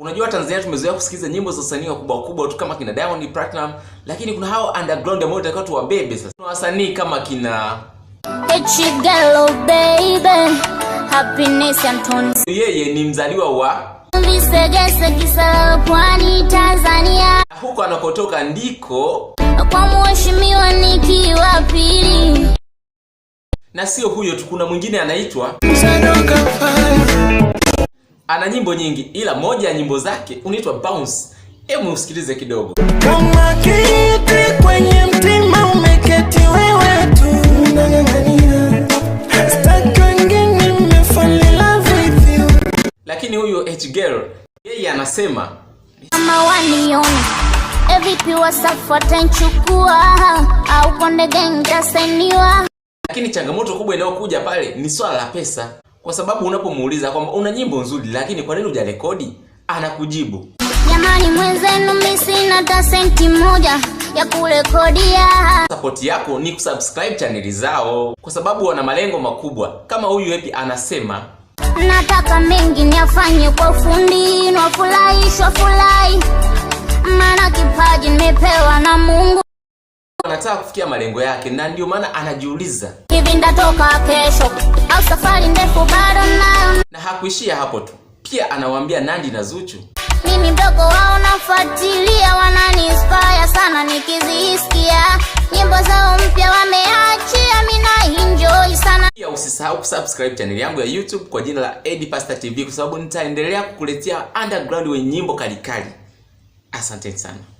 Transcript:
unajua tanzania tumezoea kusikiliza nyimbo za wasanii wakubwa wakubwa tu kama kina diamond platinum lakini kuna hao underground ambao takiwa tuwabebe sasa kuna wasanii kama kina yeye ni mzaliwa wa Visegese Pwani, Tanzania. Huko anakotoka ndiko kwa mheshimiwa Niki wa pili. Na sio huyo tu, kuna mwingine anaitwa ana nyimbo nyingi, ila moja ya nyimbo zake unaitwa Bounce. Hebu usikilize kidogo. Kama kiti kwenye mtima umeketi wewe tu, Lakini huyo H girl yeye anasema kama waniona evipi wasafu watanchukua au konde genge tasaniwa. Lakini changamoto kubwa inayokuja pale ni swala la pesa kwa sababu unapomuuliza kwamba una nyimbo nzuri lakini kwa nini hujarekodi, anakujibu jamani, mwenzenu mimi sina hata senti moja ya kurekodia. Support yako ni kusubscribe chaneli zao, kwa sababu wana malengo makubwa. Kama huyu Happy anasema nataka mengi niafanye kwa ufundi, nwafurahishwa furahi, maana kipaji nimepewa na Mungu. Anataka kufikia malengo yake, na ndio maana anajiuliza hivi, ndatoka kesho hakuishia hapo tu, pia anawaambia nandi na Zuchu, mimi mdogo wao nafuatilia, wanani inspire sana nikizisikia nyimbo zao mpya wameachia, mimi na enjoy sana. Pia usisahau kusubscribe chaneli yangu ya YouTube kwa jina la Edi Pastor TV kwa sababu nitaendelea kukuletea underground wenye nyimbo kalikali. Asanteni sana.